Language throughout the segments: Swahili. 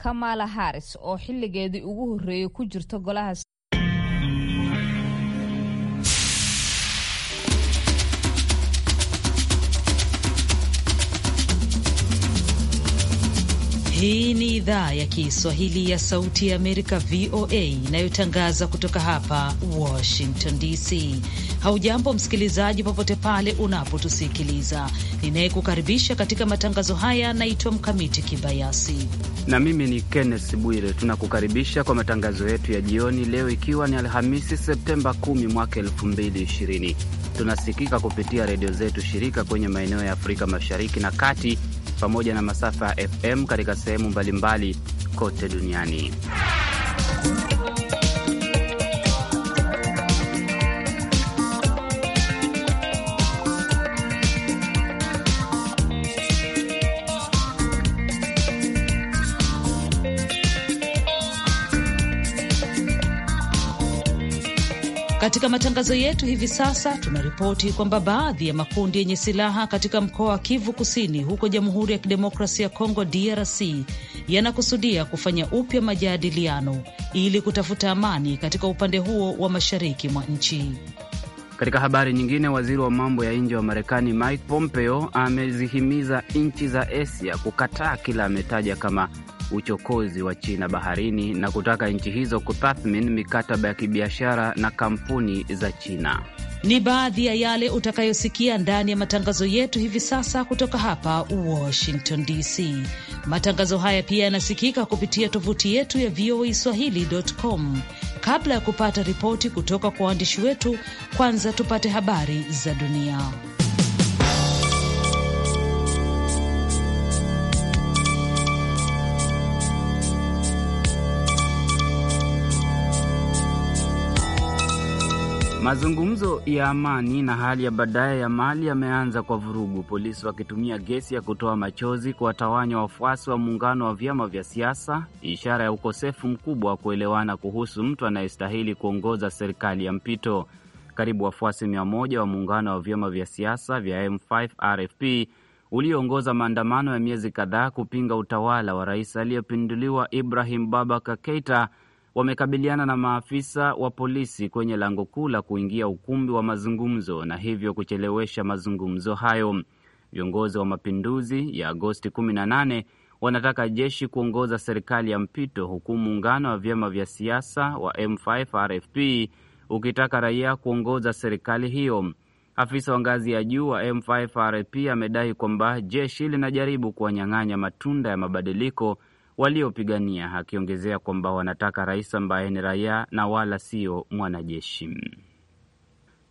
Kamala Harris oo xiligeedii ugu horreeyay ku jirta golaha Hii ni idhaa ya Kiswahili ya Sauti ya Amerika, VOA, inayotangaza kutoka hapa Washington DC. Haujambo msikilizaji, popote pale unapotusikiliza. Ninayekukaribisha katika matangazo haya naitwa Mkamiti Kibayasi na mimi ni Kenneth Bwire. Tunakukaribisha kwa matangazo yetu ya jioni leo, ikiwa ni Alhamisi Septemba 10 mwaka 2020. Tunasikika kupitia redio zetu shirika kwenye maeneo ya Afrika Mashariki na Kati pamoja na masafa ya FM katika sehemu mbalimbali kote duniani. Katika matangazo yetu hivi sasa tunaripoti kwamba baadhi ya makundi yenye silaha katika mkoa wa Kivu Kusini huko Jamhuri ya Kidemokrasia ya Kongo DRC yanakusudia kufanya upya majadiliano ili kutafuta amani katika upande huo wa mashariki mwa nchi. Katika habari nyingine, waziri wa mambo ya nje wa Marekani Mike Pompeo amezihimiza nchi za Asia kukataa kila ametaja kama uchokozi wa China baharini na kutaka nchi hizo kutathmini mikataba ya kibiashara na kampuni za China. Ni baadhi ya yale utakayosikia ndani ya matangazo yetu hivi sasa kutoka hapa Washington DC. Matangazo haya pia yanasikika kupitia tovuti yetu ya VOA Swahili.com. Kabla ya kupata ripoti kutoka kwa waandishi wetu, kwanza tupate habari za dunia. Mazungumzo ya amani na hali ya baadaye ya Mali yameanza kwa vurugu, polisi wakitumia gesi ya kutoa machozi kuwatawanya wafuasi wa muungano wa vyama vya siasa, ishara ya ukosefu mkubwa wa kuelewana kuhusu mtu anayestahili kuongoza serikali ya mpito. Karibu wafuasi mia moja wa muungano wa vyama vya siasa vya M5 RFP ulioongoza maandamano ya miezi kadhaa kupinga utawala wa rais aliyepinduliwa Ibrahim Babaka Keita wamekabiliana na maafisa wa polisi kwenye lango kuu la kuingia ukumbi wa mazungumzo na hivyo kuchelewesha mazungumzo hayo. Viongozi wa mapinduzi ya Agosti 18 wanataka jeshi kuongoza serikali ya mpito, huku muungano wa vyama vya siasa wa M5 RFP ukitaka raia kuongoza serikali hiyo. Afisa wa ngazi ya juu wa M5 RFP amedai kwamba jeshi linajaribu kuwanyang'anya matunda ya mabadiliko waliopigania, akiongezea kwamba wanataka rais ambaye ni raia na wala sio mwanajeshi.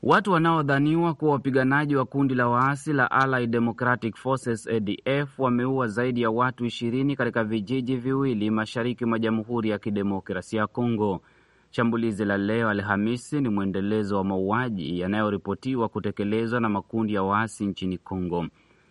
Watu wanaodhaniwa kuwa wapiganaji wa kundi la waasi la Allied Democratic Forces ADF wameua zaidi ya watu ishirini katika vijiji viwili mashariki mwa Jamhuri ya Kidemokrasia ya Kongo. Shambulizi la leo Alhamisi ni mwendelezo wa mauaji yanayoripotiwa kutekelezwa na makundi ya waasi nchini Kongo.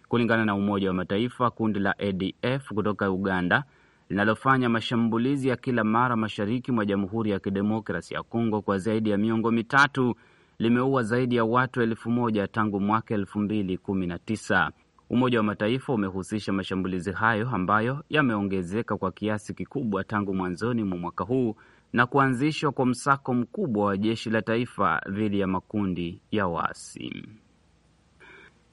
Kulingana na Umoja wa Mataifa, kundi la ADF kutoka Uganda linalofanya mashambulizi ya kila mara mashariki mwa Jamhuri ya Kidemokrasi ya Kongo kwa zaidi ya miongo mitatu limeua zaidi ya watu elfu moja tangu mwaka elfu mbili kumi na tisa. Umoja wa Mataifa umehusisha mashambulizi hayo ambayo yameongezeka kwa kiasi kikubwa tangu mwanzoni mwa mwaka huu na kuanzishwa kwa msako mkubwa wa jeshi la taifa dhidi ya makundi ya waasi.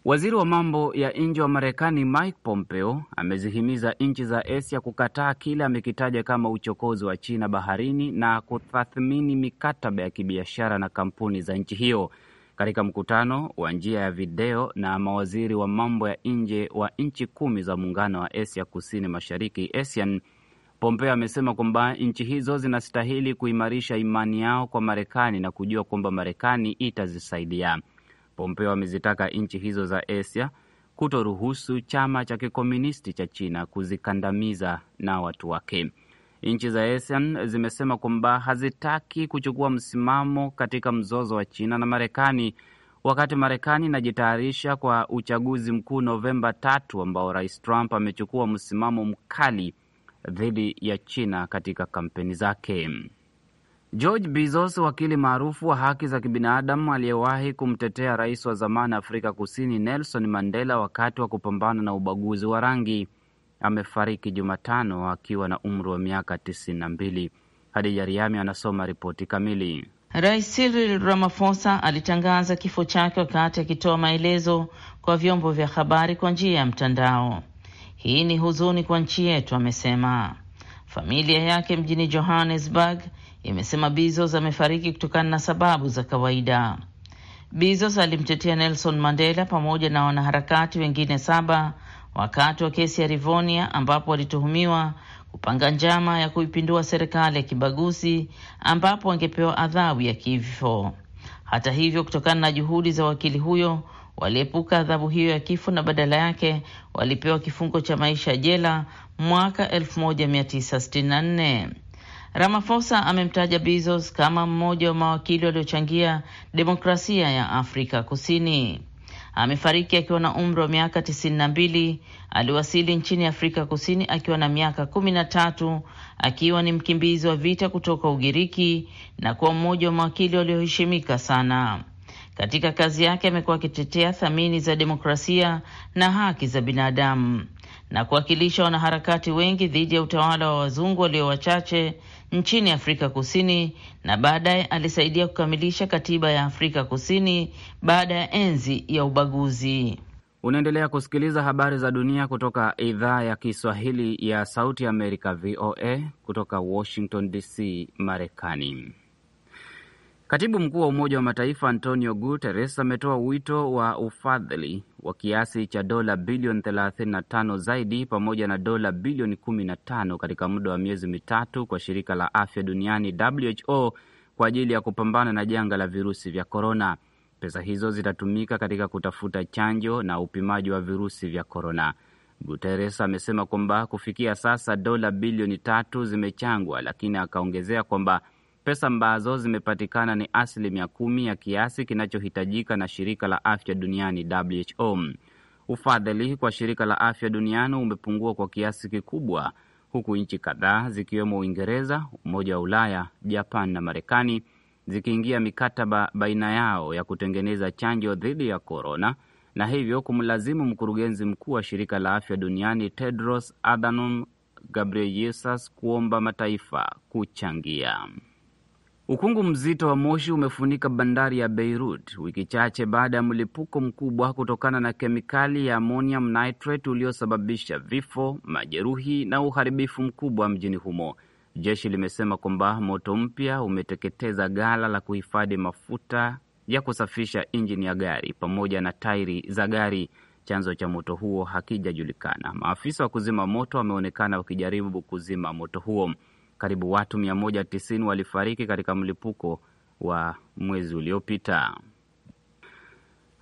Waziri wa mambo ya nje wa Marekani Mike Pompeo amezihimiza nchi za Asia kukataa kile amekitaja kama uchokozi wa China baharini na kutathmini mikataba ya kibiashara na kampuni za nchi hiyo. Katika mkutano wa njia ya video na mawaziri wa mambo ya nje wa nchi kumi za muungano wa Asia kusini mashariki, ASEAN, Pompeo amesema kwamba nchi hizo zinastahili kuimarisha imani yao kwa Marekani na kujua kwamba Marekani itazisaidia. Pompeo amezitaka nchi hizo za Asia kutoruhusu chama cha kikomunisti cha China kuzikandamiza na watu wake. Nchi za ASEAN zimesema kwamba hazitaki kuchukua msimamo katika mzozo wa China na Marekani, wakati Marekani inajitayarisha kwa uchaguzi mkuu Novemba tatu, ambao Rais Trump amechukua msimamo mkali dhidi ya China katika kampeni zake. George Bizos, wakili maarufu wa haki za kibinadamu aliyewahi kumtetea rais wa zamani Afrika Kusini Nelson Mandela wakati wa kupambana na ubaguzi wa rangi, amefariki Jumatano akiwa na umri wa miaka 92. Hadija Riami anasoma ripoti kamili. Rais Cyril Ramaphosa alitangaza kifo chake wakati akitoa maelezo kwa vyombo vya habari kwa njia ya mtandao. Hii ni huzuni kwa nchi yetu, amesema. Familia yake mjini Johannesburg imesema Bezos amefariki kutokana na sababu za kawaida. Bezos alimtetea Nelson Mandela pamoja na wanaharakati wengine saba wakati wa kesi ya Rivonia ambapo walituhumiwa kupanga njama ya kuipindua serikali ya kibaguzi ambapo wangepewa adhabu ya kifo. Hata hivyo, kutokana na juhudi za wakili huyo waliepuka adhabu hiyo ya kifo na badala yake walipewa kifungo cha maisha jela mwaka 1964. Ramaphosa amemtaja Bezos kama mmoja wa mawakili waliochangia demokrasia ya Afrika Kusini. Amefariki akiwa na umri wa miaka tisini na mbili. Aliwasili nchini Afrika Kusini akiwa na miaka kumi na tatu akiwa ni mkimbizi wa vita kutoka Ugiriki na kuwa mmoja wa mawakili walioheshimika sana. Katika kazi yake amekuwa akitetea thamani za demokrasia na haki za binadamu na kuwakilisha wanaharakati wengi dhidi ya utawala wa wazungu walio wachache nchini Afrika Kusini na baadaye alisaidia kukamilisha katiba ya Afrika Kusini baada ya enzi ya ubaguzi. Unaendelea kusikiliza habari za dunia kutoka idhaa ya Kiswahili ya Sauti Amerika, VOA, kutoka Washington DC, Marekani. Katibu mkuu wa Umoja wa Mataifa Antonio Guterres ametoa wito wa ufadhili wa kiasi cha dola bilioni 35 zaidi pamoja na dola bilioni 15 katika muda wa miezi mitatu kwa shirika la afya duniani WHO kwa ajili ya kupambana na janga la virusi vya korona. Pesa hizo zitatumika katika kutafuta chanjo na upimaji wa virusi vya korona. Guterres amesema kwamba kufikia sasa dola bilioni tatu zimechangwa, lakini akaongezea kwamba Pesa ambazo zimepatikana ni asilimia kumi ya kiasi kinachohitajika na shirika la afya duniani WHO. Ufadhili kwa shirika la afya duniani umepungua kwa kiasi kikubwa, huku nchi kadhaa zikiwemo Uingereza, Umoja wa Ulaya, Japan na Marekani zikiingia mikataba baina yao ya kutengeneza chanjo dhidi ya korona na hivyo kumlazimu mkurugenzi mkuu wa shirika la afya duniani Tedros Adhanom Ghebreyesus kuomba mataifa kuchangia. Ukungu mzito wa moshi umefunika bandari ya Beirut wiki chache baada ya mlipuko mkubwa kutokana na kemikali ya ammonium nitrate uliosababisha vifo, majeruhi na uharibifu mkubwa mjini humo. Jeshi limesema kwamba moto mpya umeteketeza ghala la kuhifadhi mafuta ya kusafisha injini ya gari pamoja na tairi za gari. Chanzo cha moto huo hakijajulikana. Maafisa wa kuzima moto wameonekana wakijaribu kuzima moto huo karibu watu 190 walifariki katika mlipuko wa mwezi uliopita.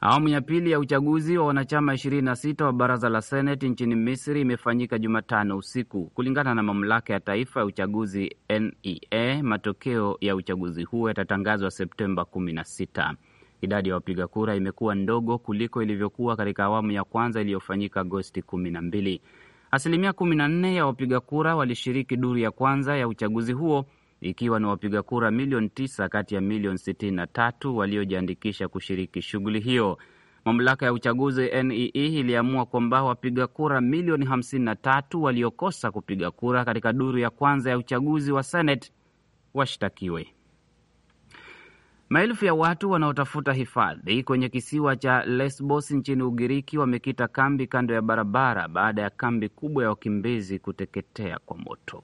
Awamu ya pili ya uchaguzi wa wanachama 26 wa baraza la seneti nchini Misri imefanyika Jumatano usiku, kulingana na mamlaka ya taifa ya uchaguzi NEA. Matokeo ya uchaguzi huo yatatangazwa Septemba 16. Idadi ya wapiga kura imekuwa ndogo kuliko ilivyokuwa katika awamu ya kwanza iliyofanyika Agosti 12. Asilimia 14 ya wapiga kura walishiriki duru ya kwanza ya uchaguzi huo ikiwa ni wapiga kura milioni 9 kati ya milioni 63 waliojiandikisha kushiriki shughuli hiyo. Mamlaka ya uchaguzi NEE e iliamua kwamba wapiga kura milioni 53 waliokosa kupiga kura katika duru ya kwanza ya uchaguzi wa senate washtakiwe. Maelfu ya watu wanaotafuta hifadhi kwenye kisiwa cha Lesbos nchini Ugiriki wamekita kambi kando ya barabara baada ya kambi kubwa ya wakimbizi kuteketea kwa moto.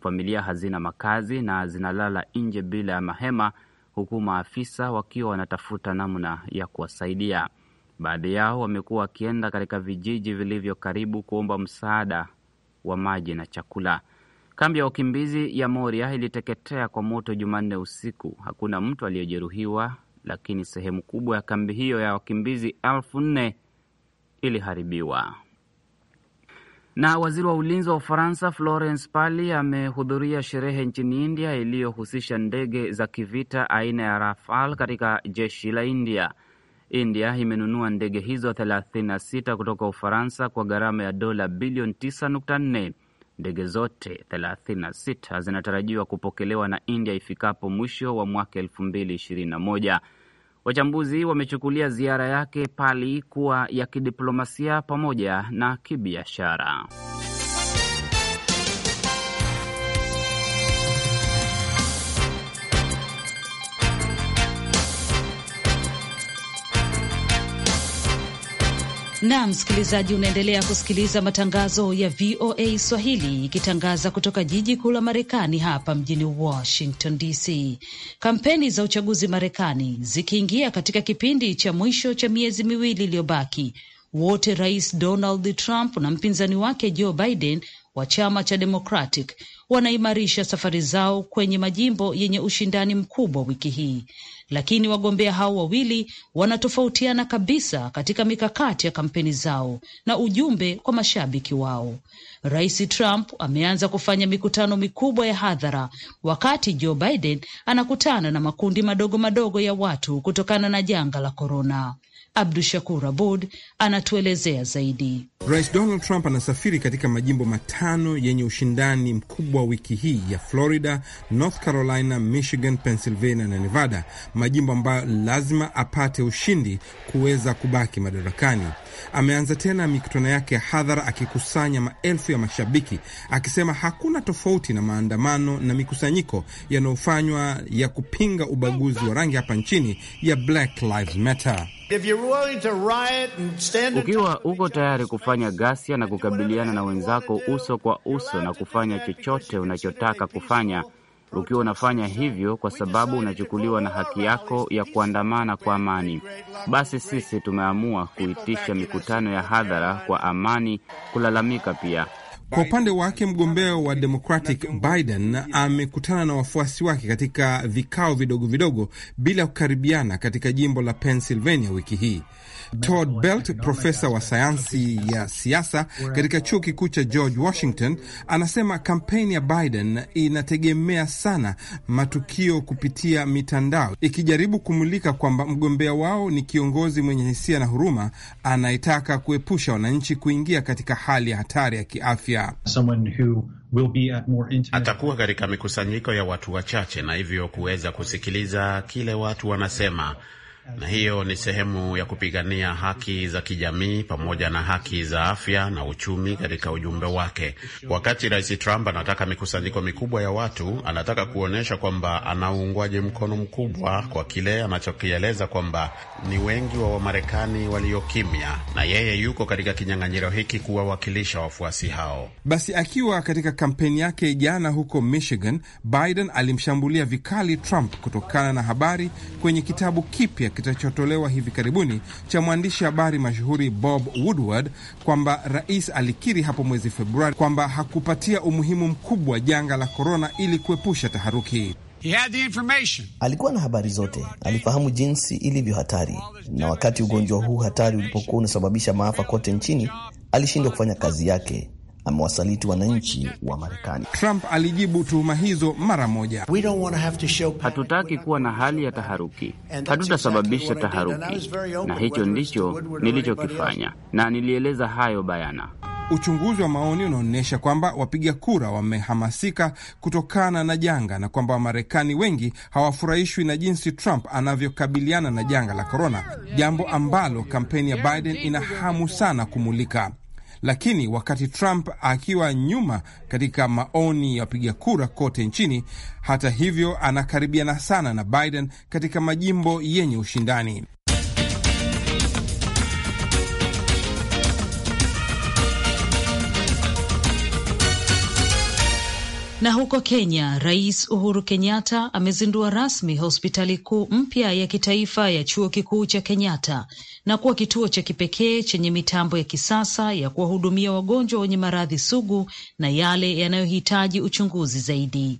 Familia hazina makazi na zinalala nje bila ya mahema, huku maafisa wakiwa wanatafuta namna ya kuwasaidia. Baadhi yao wamekuwa wakienda katika vijiji vilivyo karibu kuomba msaada wa maji na chakula. Kambi ya wakimbizi ya Moria iliteketea kwa moto Jumanne usiku. Hakuna mtu aliyejeruhiwa, lakini sehemu kubwa ya kambi hiyo ya wakimbizi elfu nne iliharibiwa. Na waziri wa ulinzi wa Ufaransa Florence Parly amehudhuria sherehe nchini India iliyohusisha ndege za kivita aina ya rafal katika jeshi la India. India imenunua ndege hizo 36 kutoka Ufaransa kwa gharama ya dola bilioni 9.4. Ndege zote 36 zinatarajiwa kupokelewa na India ifikapo mwisho wa mwaka 221 Wachambuzi wamechukulia ziara yake Pali kuwa ya kidiplomasia pamoja na kibiashara. Na msikilizaji, unaendelea kusikiliza matangazo ya VOA Swahili ikitangaza kutoka jiji kuu la Marekani hapa mjini Washington DC. Kampeni za uchaguzi Marekani zikiingia katika kipindi cha mwisho cha miezi miwili iliyobaki, wote Rais Donald Trump na mpinzani wake Joe Biden wa chama cha Democratic wanaimarisha safari zao kwenye majimbo yenye ushindani mkubwa wiki hii lakini wagombea hao wawili wanatofautiana kabisa katika mikakati ya kampeni zao na ujumbe kwa mashabiki wao. Rais Trump ameanza kufanya mikutano mikubwa ya hadhara, wakati Joe Biden anakutana na makundi madogo madogo ya watu kutokana na janga la korona. Abdu Shakur Abud anatuelezea zaidi. Rais Donald Trump anasafiri katika majimbo matano yenye ushindani mkubwa wiki hii ya Florida, North Carolina, Michigan, Pennsylvania na Nevada, majimbo ambayo lazima apate ushindi kuweza kubaki madarakani. Ameanza tena mikutano yake ya hadhara akikusanya maelfu ya mashabiki, akisema hakuna tofauti na maandamano na mikusanyiko yanayofanywa ya kupinga ubaguzi wa rangi hapa nchini ya Black Lives Matter. Ukiwa uko tayari kufanya ghasia na kukabiliana na wenzako uso kwa uso na kufanya chochote unachotaka kufanya, ukiwa unafanya hivyo kwa sababu unachukuliwa na haki yako ya kuandamana kwa amani, basi sisi tumeamua kuitisha mikutano ya hadhara kwa amani kulalamika pia kwa upande wake mgombea wa Democratic Biden amekutana na wafuasi wake katika vikao vidogo vidogo bila kukaribiana katika jimbo la Pennsylvania wiki hii. Todd Belt, profesa wa sayansi ya siasa katika chuo kikuu cha George Washington, anasema kampeni ya Biden inategemea sana matukio kupitia mitandao, ikijaribu kumulika kwamba mgombea wao ni kiongozi mwenye hisia na huruma anayetaka kuepusha wananchi kuingia katika hali ya hatari ya kiafya. Atakuwa katika mikusanyiko ya watu wachache na hivyo kuweza kusikiliza kile watu wanasema na hiyo ni sehemu ya kupigania haki za kijamii pamoja na haki za afya na uchumi katika ujumbe wake. Wakati Rais Trump anataka mikusanyiko mikubwa ya watu, anataka kuonyesha kwamba ana uungwaji mkono mkubwa kwa kile anachokieleza kwamba ni wengi wa Wamarekani waliokimya, na yeye yuko katika kinyang'anyiro hiki kuwawakilisha wafuasi hao. Basi akiwa katika kampeni yake jana huko Michigan, Biden alimshambulia vikali Trump kutokana na habari kwenye kitabu kipya kitachotolewa hivi karibuni cha mwandishi habari mashuhuri Bob Woodward kwamba rais alikiri hapo mwezi Februari kwamba hakupatia umuhimu mkubwa janga la korona ili kuepusha taharuki. He had the information. Alikuwa na habari zote, alifahamu jinsi ilivyo hatari, na wakati ugonjwa huu hatari ulipokuwa unasababisha maafa kote nchini, alishindwa kufanya kazi yake amewasaliti wananchi wa Marekani. Trump alijibu tuhuma hizo mara moja, hatutaki kuwa na hali ya taharuki, hatutasababisha taharuki, na hicho ndicho nilichokifanya na nilieleza hayo bayana. Uchunguzi wa maoni unaonyesha kwamba wapiga kura wamehamasika kutokana na janga na kwamba Wamarekani wengi hawafurahishwi na jinsi Trump anavyokabiliana na janga la korona, jambo ambalo kampeni ya Biden ina hamu sana kumulika lakini wakati Trump akiwa nyuma katika maoni ya wapiga kura kote nchini. Hata hivyo, anakaribiana sana na Biden katika majimbo yenye ushindani. Na huko Kenya, Rais Uhuru Kenyatta amezindua rasmi hospitali kuu mpya ya kitaifa ya chuo kikuu cha Kenyatta na kuwa kituo cha kipekee chenye mitambo ya kisasa ya kuwahudumia wagonjwa wenye maradhi sugu na yale yanayohitaji uchunguzi zaidi.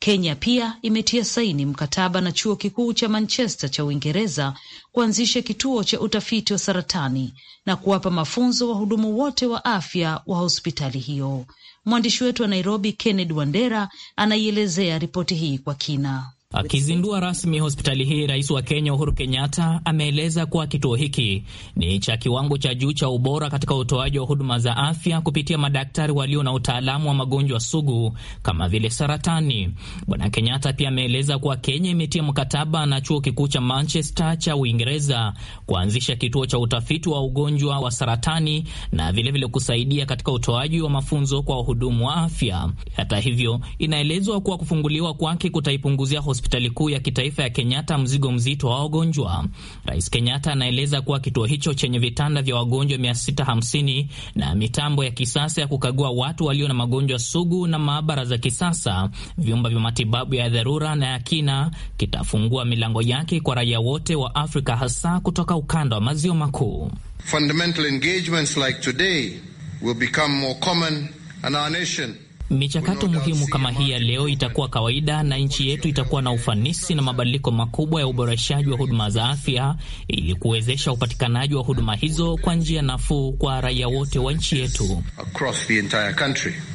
Kenya pia imetia saini mkataba na chuo kikuu cha Manchester cha Uingereza kuanzisha kituo cha utafiti wa saratani na kuwapa mafunzo wahudumu wote wa afya wa hospitali hiyo. Mwandishi wetu wa Nairobi, kenned Wandera, anaielezea ripoti hii kwa kina. Akizindua rasmi hospitali hii, rais wa Kenya Uhuru Kenyatta ameeleza kuwa kituo hiki ni cha kiwango cha juu cha ubora katika utoaji wa huduma za afya kupitia madaktari walio na utaalamu wa magonjwa sugu kama vile saratani. Bwana Kenyatta pia ameeleza kuwa Kenya imetia mkataba na chuo kikuu cha Manchester cha Uingereza kuanzisha kituo cha utafiti wa ugonjwa wa saratani na vilevile vile kusaidia katika utoaji wa mafunzo kwa wahudumu wa afya. Hata hivyo, inaelezwa kuwa kufunguliwa kwake kutaipunguzia hospitali kuu ya kitaifa ya Kenyatta mzigo mzito wa wagonjwa. Rais Kenyatta anaeleza kuwa kituo hicho chenye vitanda vya wagonjwa 650 na mitambo ya kisasa ya kukagua watu walio na magonjwa sugu na maabara za kisasa, vyumba vya matibabu ya dharura na ya kina, kitafungua milango yake kwa raia wote wa Afrika, hasa kutoka ukanda wa maziwa makuu. Fundamental engagements like today will become more common and our nation Michakato muhimu kama hii ya leo itakuwa kawaida na nchi yetu itakuwa na ufanisi na mabadiliko makubwa ya uboreshaji wa huduma za afya ili kuwezesha upatikanaji wa huduma hizo kwa njia nafuu kwa raia wote wa nchi yetu.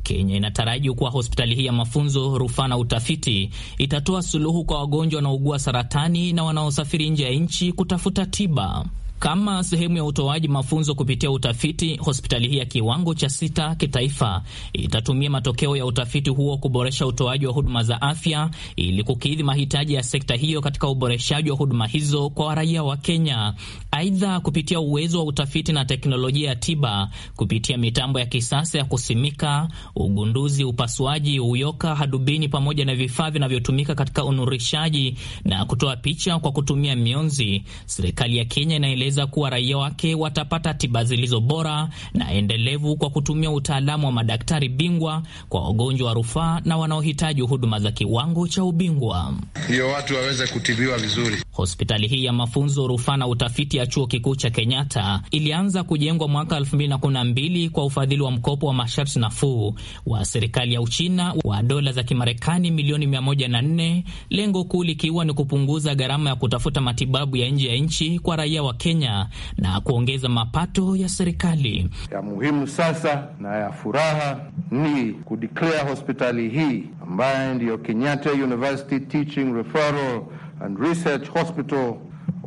Kenya inataraji kuwa hospitali hii ya mafunzo, rufaa na utafiti itatoa suluhu kwa wagonjwa wanaougua saratani na wanaosafiri nje ya nchi kutafuta tiba. Kama sehemu ya utoaji mafunzo kupitia utafiti, hospitali hii ya kiwango cha sita kitaifa itatumia matokeo ya utafiti huo kuboresha utoaji wa huduma za afya ili kukidhi mahitaji ya sekta hiyo katika uboreshaji wa huduma hizo kwa raia wa Kenya. Aidha, kupitia uwezo wa utafiti na teknolojia ya tiba kupitia mitambo ya kisasa ya kusimika, ugunduzi, upasuaji, uyoka, hadubini pamoja na vifaa vinavyotumika katika unurishaji na kutoa picha kwa kutumia mionzi, serikali ya Kenya inaeleza kueleza kuwa raia wake watapata tiba zilizo bora na endelevu kwa kutumia utaalamu wa madaktari bingwa kwa wagonjwa wa rufaa na wanaohitaji huduma za kiwango cha ubingwa, ndio watu waweze kutibiwa vizuri. Hospitali hii ya mafunzo, rufaa na utafiti ya chuo kikuu cha Kenyatta ilianza kujengwa mwaka 2012 kwa ufadhili wa mkopo wa masharti nafuu wa serikali ya Uchina wa dola za Kimarekani milioni 104, lengo kuu likiwa ni kupunguza gharama ya kutafuta matibabu ya nje ya nchi kwa raia wa Kenya Kenya na kuongeza mapato ya serikali. Ya muhimu sasa na ya furaha ni kudeclare hospitali hii ambayo ndiyo Kenyatta University Teaching Referral and Research Hospital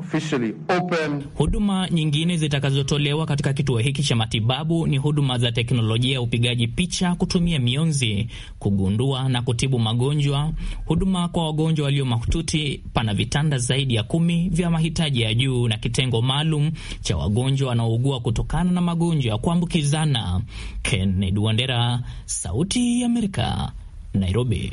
officially opened. Huduma nyingine zitakazotolewa katika kituo hiki cha matibabu ni huduma za teknolojia ya upigaji picha kutumia mionzi kugundua na kutibu magonjwa, huduma kwa wagonjwa walio mahututi. Pana vitanda zaidi ya kumi vya mahitaji ya juu na kitengo maalum cha wagonjwa wanaougua kutokana na magonjwa ya kuambukizana. Kennedy Wandera, Sauti ya Amerika, Nairobi.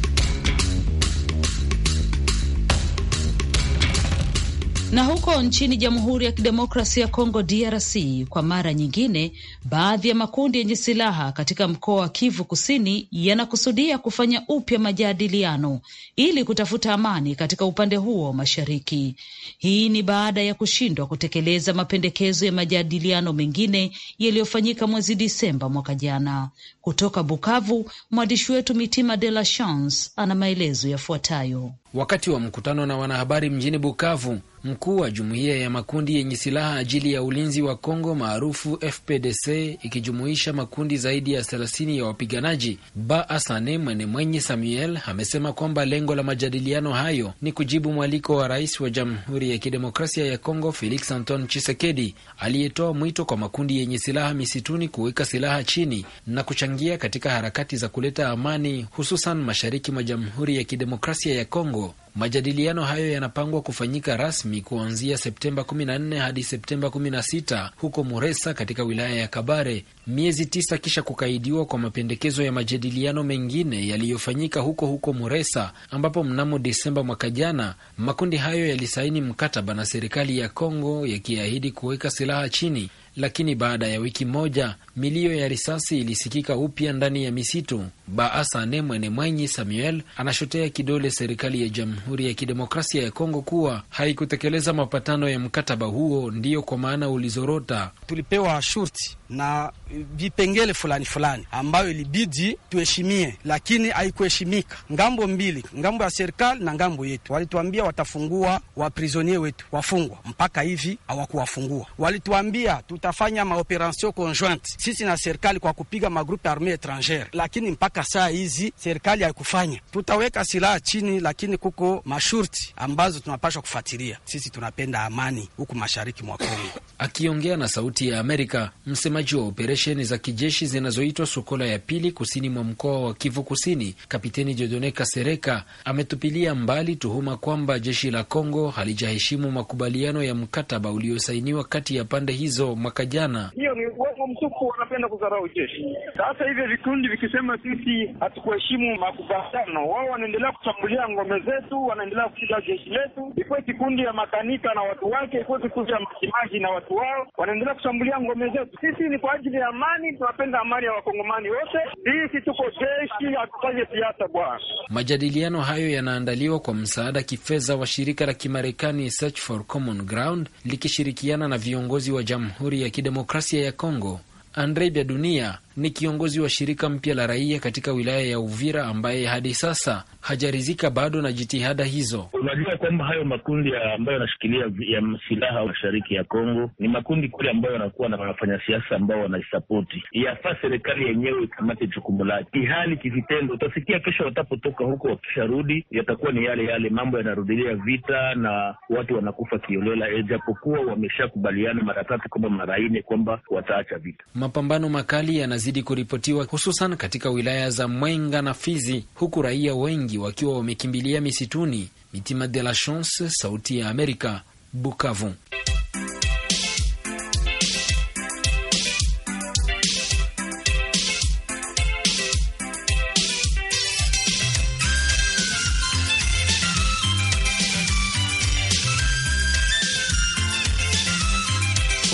Na huko nchini Jamhuri ya Kidemokrasia ya Kongo, DRC, kwa mara nyingine, baadhi ya makundi yenye silaha katika mkoa wa Kivu Kusini yanakusudia kufanya upya majadiliano ili kutafuta amani katika upande huo wa mashariki. Hii ni baada ya kushindwa kutekeleza mapendekezo ya majadiliano mengine yaliyofanyika mwezi Disemba mwaka jana. Kutoka Bukavu, mwandishi wetu Mitima De La Chance ana maelezo yafuatayo. Wakati wa mkutano na wanahabari mjini Bukavu, Mkuu wa jumuiya ya makundi yenye silaha ajili ya ulinzi wa Kongo maarufu FPDC ikijumuisha makundi zaidi ya 30 ya wapiganaji, Ba Asane Mwene Mwenye Samuel amesema kwamba lengo la majadiliano hayo ni kujibu mwaliko wa rais wa Jamhuri ya Kidemokrasia ya Kongo Felix Anton Chisekedi aliyetoa mwito kwa makundi yenye silaha misituni kuweka silaha chini na kuchangia katika harakati za kuleta amani hususan mashariki mwa Jamhuri ya Kidemokrasia ya Kongo. Majadiliano hayo yanapangwa kufanyika rasmi kuanzia Septemba 14 hadi Septemba 16 huko Muresa katika wilaya ya Kabare, miezi tisa kisha kukaidiwa kwa mapendekezo ya majadiliano mengine yaliyofanyika huko huko Muresa, ambapo mnamo Desemba mwaka jana makundi hayo yalisaini mkataba na serikali ya Kongo yakiahidi kuweka silaha chini lakini baada ya wiki moja milio ya risasi ilisikika upya ndani ya misitu Baasane Mwene Mwenyi Samuel anashotea kidole serikali ya Jamhuri ya Kidemokrasia ya Kongo kuwa haikutekeleza mapatano ya mkataba huo, ndiyo kwa maana ulizorota. Tulipewa shurti na vipengele fulani fulani ambayo ilibidi tuheshimie, lakini haikuheshimika. Ngambo mbili, ngambo ya serikali na ngambo yetu. Walituambia watafungua waprisonie wetu, wafungwa mpaka hivi hawakuwafungua. Walituambia tutafanya maoperation conjointe sisi na serikali kwa kupiga magrupe arme etrangere, lakini mpaka mpaka saa hizi serikali haikufanya. Tutaweka silaha chini, lakini kuko mashurti ambazo tunapashwa kufuatilia. Sisi tunapenda amani huku mashariki mwa Kongo. Akiongea na Sauti ya Amerika, msemaji wa operesheni za kijeshi zinazoitwa Sokola ya pili kusini mwa mkoa wa Kivu Kusini, Kapiteni jodoneka Kasereka ametupilia mbali tuhuma kwamba jeshi la Kongo halijaheshimu makubaliano ya mkataba uliosainiwa kati ya pande hizo mwaka jana. Hiyo ni uongo mtupu, wanapenda kudharau jeshi. Sasa hivyo vikundi vikisema sisi sisi hatukuheshimu makubaliano. Wao wanaendelea kushambulia ngome zetu, wanaendelea kupiga jeshi letu, ikuwe kikundi ya makanika na watu wake, ikuwe kikundi ya majimaji na watu wao, wanaendelea kushambulia ngome zetu. Sisi ni kwa ajili ya amani, tunapenda amani ya wakongomani wote. Sisi tuko jeshi, hatufanye siasa bwana. Majadiliano hayo yanaandaliwa kwa msaada kifedha wa shirika la Kimarekani Search for Common Ground likishirikiana na viongozi wa Jamhuri ya Kidemokrasia ya Kongo. Andre Bia Dunia ni kiongozi wa shirika mpya la raia katika wilaya ya Uvira ambaye hadi sasa hajarizika bado na jitihada hizo. Unajua kwamba hayo makundi ambayo yanashikilia ya silaha mashariki ya Kongo ni makundi kule ambayo yanakuwa na wafanyasiasa ambao wanaisapoti. Yafaa serikali yenyewe ikamate jukumu lake kihali, kivitendo. Utasikia kesho watapotoka huko, wakisharudi yatakuwa ni yale yale mambo, yanarudilia vita na watu wanakufa kiolela, ijapokuwa eh, wameshakubaliana mara tatu kwamba mara nne kwamba wataacha vita. Mapambano makali yana zinazidi kuripotiwa hususan katika wilaya za Mwenga na Fizi, huku raia wengi wakiwa wamekimbilia misituni. Mitima de la Chance, Sauti ya Amerika, Bukavu.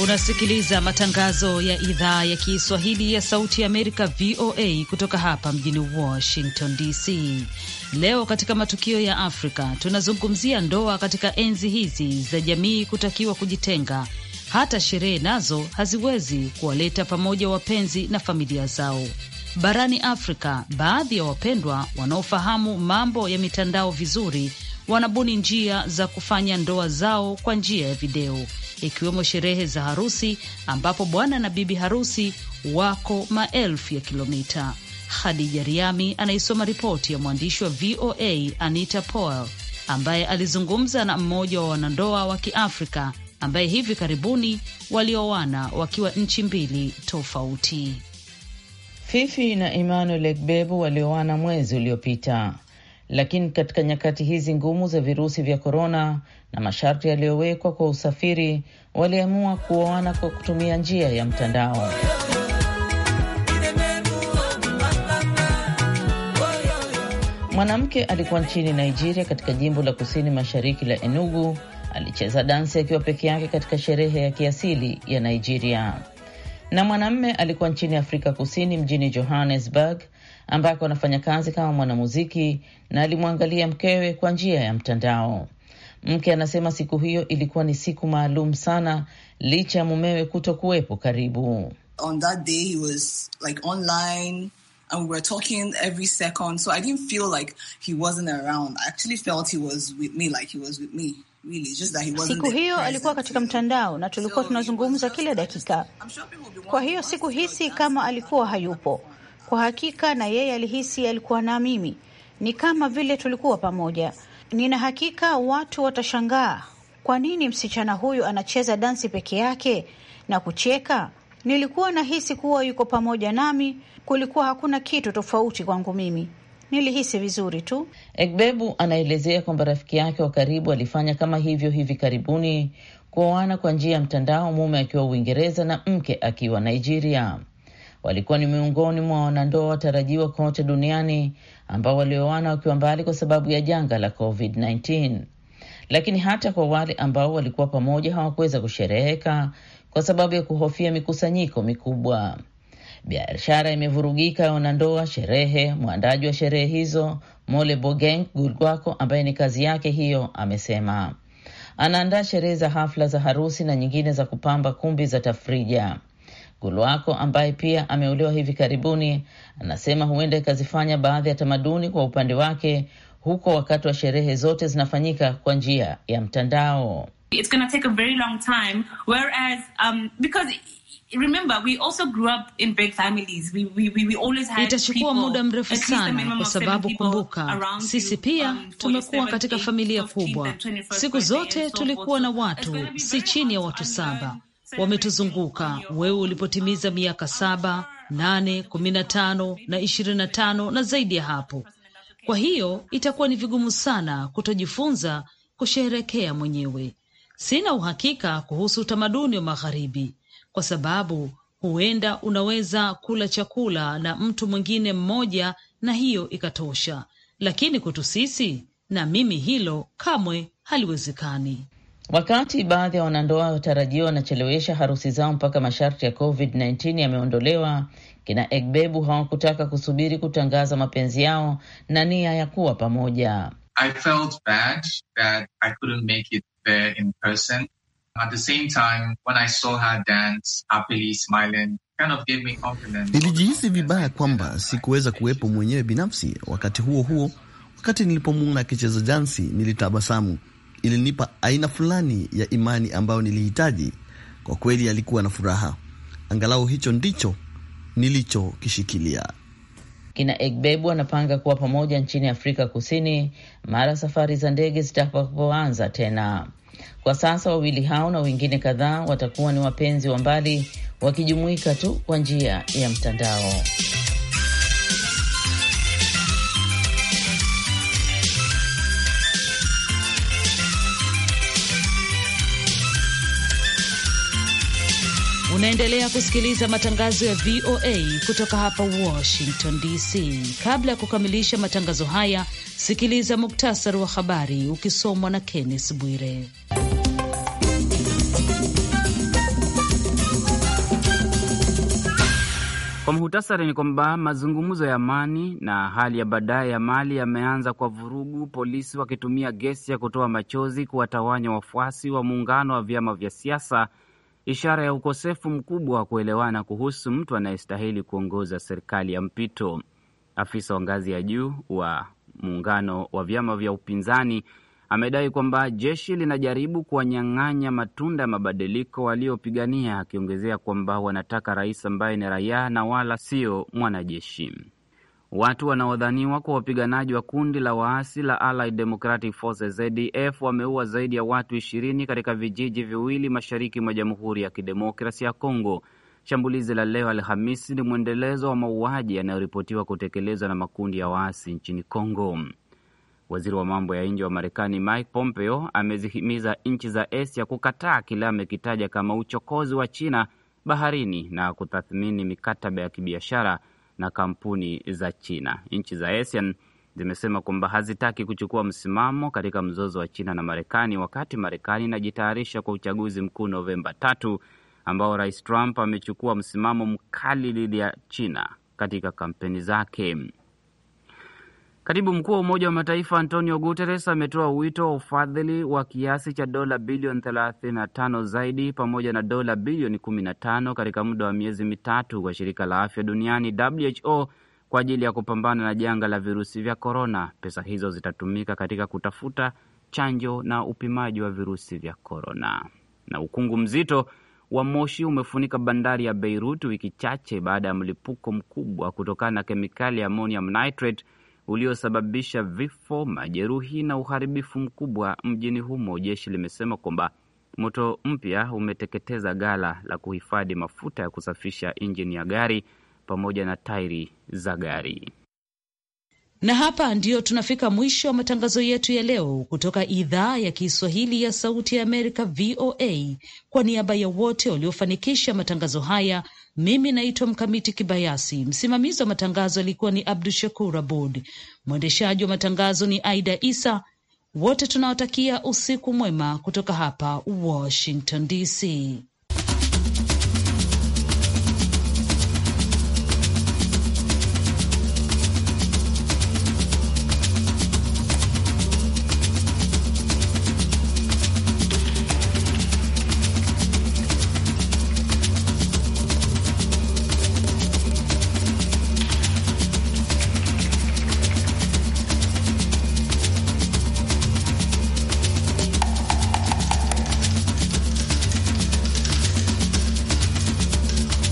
Unasikiliza matangazo ya idhaa ya Kiswahili ya Sauti ya Amerika, VOA, kutoka hapa mjini Washington DC. Leo katika matukio ya Afrika tunazungumzia ndoa katika enzi hizi za jamii kutakiwa kujitenga, hata sherehe nazo haziwezi kuwaleta pamoja wapenzi na familia zao. Barani Afrika, baadhi ya wapendwa wanaofahamu mambo ya mitandao vizuri wanabuni njia za kufanya ndoa zao kwa njia ya video ikiwemo sherehe za harusi ambapo bwana na bibi harusi wako maelfu ya kilomita. Khadija Riami anaisoma ripoti ya mwandishi wa VOA Anita Powell ambaye alizungumza na mmoja wa wanandoa wa Kiafrika ambaye hivi karibuni walioana wakiwa nchi mbili tofauti. Fifi na Emmanuel Egbebu walioana mwezi uliopita. Lakini katika nyakati hizi ngumu za virusi vya korona na masharti yaliyowekwa kwa usafiri, waliamua kuoana kwa kutumia njia ya mtandao. Mwanamke alikuwa nchini Nigeria katika jimbo la kusini mashariki la Enugu. Alicheza dansi akiwa peke yake katika sherehe ya kiasili ya Nigeria, na mwanamme alikuwa nchini Afrika Kusini mjini Johannesburg ambako anafanya kazi kama mwanamuziki na alimwangalia mkewe kwa njia ya mtandao. Mke anasema siku hiyo ilikuwa ni siku maalum sana licha ya mumewe kuto kuwepo karibu. On that day he was like online and we were talking every second so I didn't feel like he wasn't around. I actually felt he was with me like he was with me. Siku hiyo alikuwa katika mtandao na tulikuwa tunazungumza kila dakika. kwa hiyo siku hisi kama alikuwa hayupo. Kwa hakika na yeye alihisi alikuwa na mimi, ni kama vile tulikuwa pamoja. Nina hakika watu watashangaa kwa nini msichana huyu anacheza dansi peke yake na kucheka. Nilikuwa nahisi kuwa yuko pamoja nami, kulikuwa hakuna kitu tofauti kwangu mimi nilihisi vizuri tu. Egbebu anaelezea kwamba rafiki yake wa karibu alifanya kama hivyo hivi karibuni, kuoana kwa njia ya mtandao, mume akiwa Uingereza na mke akiwa Nigeria walikuwa ni miongoni mwa wanandoa watarajiwa kote duniani ambao walioana wakiwa mbali kwa sababu ya janga la COVID-19. Lakini hata kwa wale ambao walikuwa pamoja hawakuweza kushereheka kwa sababu ya kuhofia mikusanyiko mikubwa. Biashara imevurugika ya wanandoa sherehe. Mwandaji wa sherehe hizo Mole Bogeng Gulgwako, ambaye ni kazi yake hiyo, amesema anaandaa sherehe za hafla za harusi na nyingine za kupamba kumbi za tafrija. Gulwako ambaye pia ameolewa hivi karibuni, anasema huenda ikazifanya baadhi ya tamaduni kwa upande wake huko, wakati wa sherehe zote zinafanyika kwa njia ya mtandao. It's gonna take a very long time, whereas, um, because... Remember, we also grew up in big families. We, we, we always had itachukua muda mrefu sana kwa sababu kumbuka, sisi pia um, tumekuwa katika familia kubwa, siku zote tulikuwa na watu si chini ya watu saba wametuzunguka wewe ulipotimiza miaka saba, nane, kumi na tano na ishirini na tano na zaidi ya hapo. Kwa hiyo itakuwa ni vigumu sana kutojifunza kusheherekea mwenyewe. Sina uhakika kuhusu utamaduni wa Magharibi kwa sababu huenda unaweza kula chakula na mtu mwingine mmoja na hiyo ikatosha, lakini kwetu sisi, na mimi hilo kamwe haliwezekani. Wakati baadhi ya wanandoa watarajiwa wanachelewesha harusi zao mpaka masharti ya COVID-19 yameondolewa, kina Egbebu hawakutaka kusubiri kutangaza mapenzi yao na nia ya kuwa pamoja. I felt bad that I couldn't make it there in person. At the same time, when I saw her dance, happily smiling, Nilijihisi vibaya kwamba sikuweza kuwepo mwenyewe binafsi. Wakati huo huo, wakati nilipomwona akicheza dansi, nilitabasamu ilinipa aina fulani ya imani ambayo nilihitaji. Kwa kweli alikuwa na furaha, angalau hicho ndicho nilichokishikilia. Kina Egbebu anapanga kuwa pamoja nchini Afrika Kusini mara safari za ndege zitakapoanza tena. Kwa sasa wawili hao na wengine kadhaa watakuwa ni wapenzi wa mbali wakijumuika tu kwa njia ya mtandao. Unaendelea kusikiliza matangazo ya VOA kutoka hapa Washington DC. Kabla ya kukamilisha matangazo haya, sikiliza muktasari wa habari ukisomwa na Kenneth Bwire. Kwa muhtasari ni kwamba mazungumzo ya amani na hali ya baadaye ya Mali yameanza kwa vurugu, polisi wakitumia gesi ya kutoa machozi kuwatawanya wafuasi wa muungano wa vyama vya siasa ishara ya ukosefu mkubwa wa kuelewana kuhusu mtu anayestahili kuongoza serikali ya mpito. Afisa wa ngazi ya juu wa muungano wa vyama vya upinzani amedai kwamba jeshi linajaribu kuwanyang'anya matunda ya mabadiliko waliopigania, akiongezea kwamba wanataka rais ambaye ni raia na wala sio mwanajeshi. Watu wanaodhaniwa kwa wapiganaji wa kundi la waasi la Allied Democratic Forces ADF wameua zaidi ya watu ishirini katika vijiji viwili mashariki mwa Jamhuri ya Kidemokrasi ya Kongo. Shambulizi la leo Alhamisi ni mwendelezo wa mauaji yanayoripotiwa kutekelezwa na makundi ya waasi nchini Kongo. Waziri wa mambo ya nje wa Marekani Mike Pompeo amezihimiza nchi za Asia kukataa kile amekitaja kama uchokozi wa China baharini na kutathmini mikataba ya kibiashara na kampuni za China. Nchi za ASEAN zimesema kwamba hazitaki kuchukua msimamo katika mzozo wa China na Marekani, wakati Marekani inajitayarisha kwa uchaguzi mkuu Novemba tatu, ambao Rais Trump amechukua msimamo mkali dhidi ya China katika kampeni zake. Katibu mkuu wa Umoja wa Mataifa Antonio Guterres ametoa wito wa ufadhili wa kiasi cha dola bilioni 35 zaidi pamoja na dola bilioni 15 katika muda wa miezi mitatu kwa shirika la afya duniani WHO kwa ajili ya kupambana na janga la virusi vya korona. Pesa hizo zitatumika katika kutafuta chanjo na upimaji wa virusi vya korona. Na ukungu mzito wa moshi umefunika bandari ya Beirut wiki chache baada ya mlipuko mkubwa kutokana na kemikali ya ammonium nitrate uliosababisha vifo, majeruhi na uharibifu mkubwa mjini humo. Jeshi limesema kwamba moto mpya umeteketeza ghala la kuhifadhi mafuta ya kusafisha injini ya gari pamoja na tairi za gari. Na hapa ndiyo tunafika mwisho wa matangazo yetu ya leo kutoka idhaa ya Kiswahili ya Sauti ya Amerika, VOA. Kwa niaba ya wote waliofanikisha matangazo haya mimi naitwa Mkamiti Kibayasi. Msimamizi wa matangazo alikuwa ni Abdu Shakur Abud, mwendeshaji wa matangazo ni Aida Isa. Wote tunawatakia usiku mwema kutoka hapa Washington DC.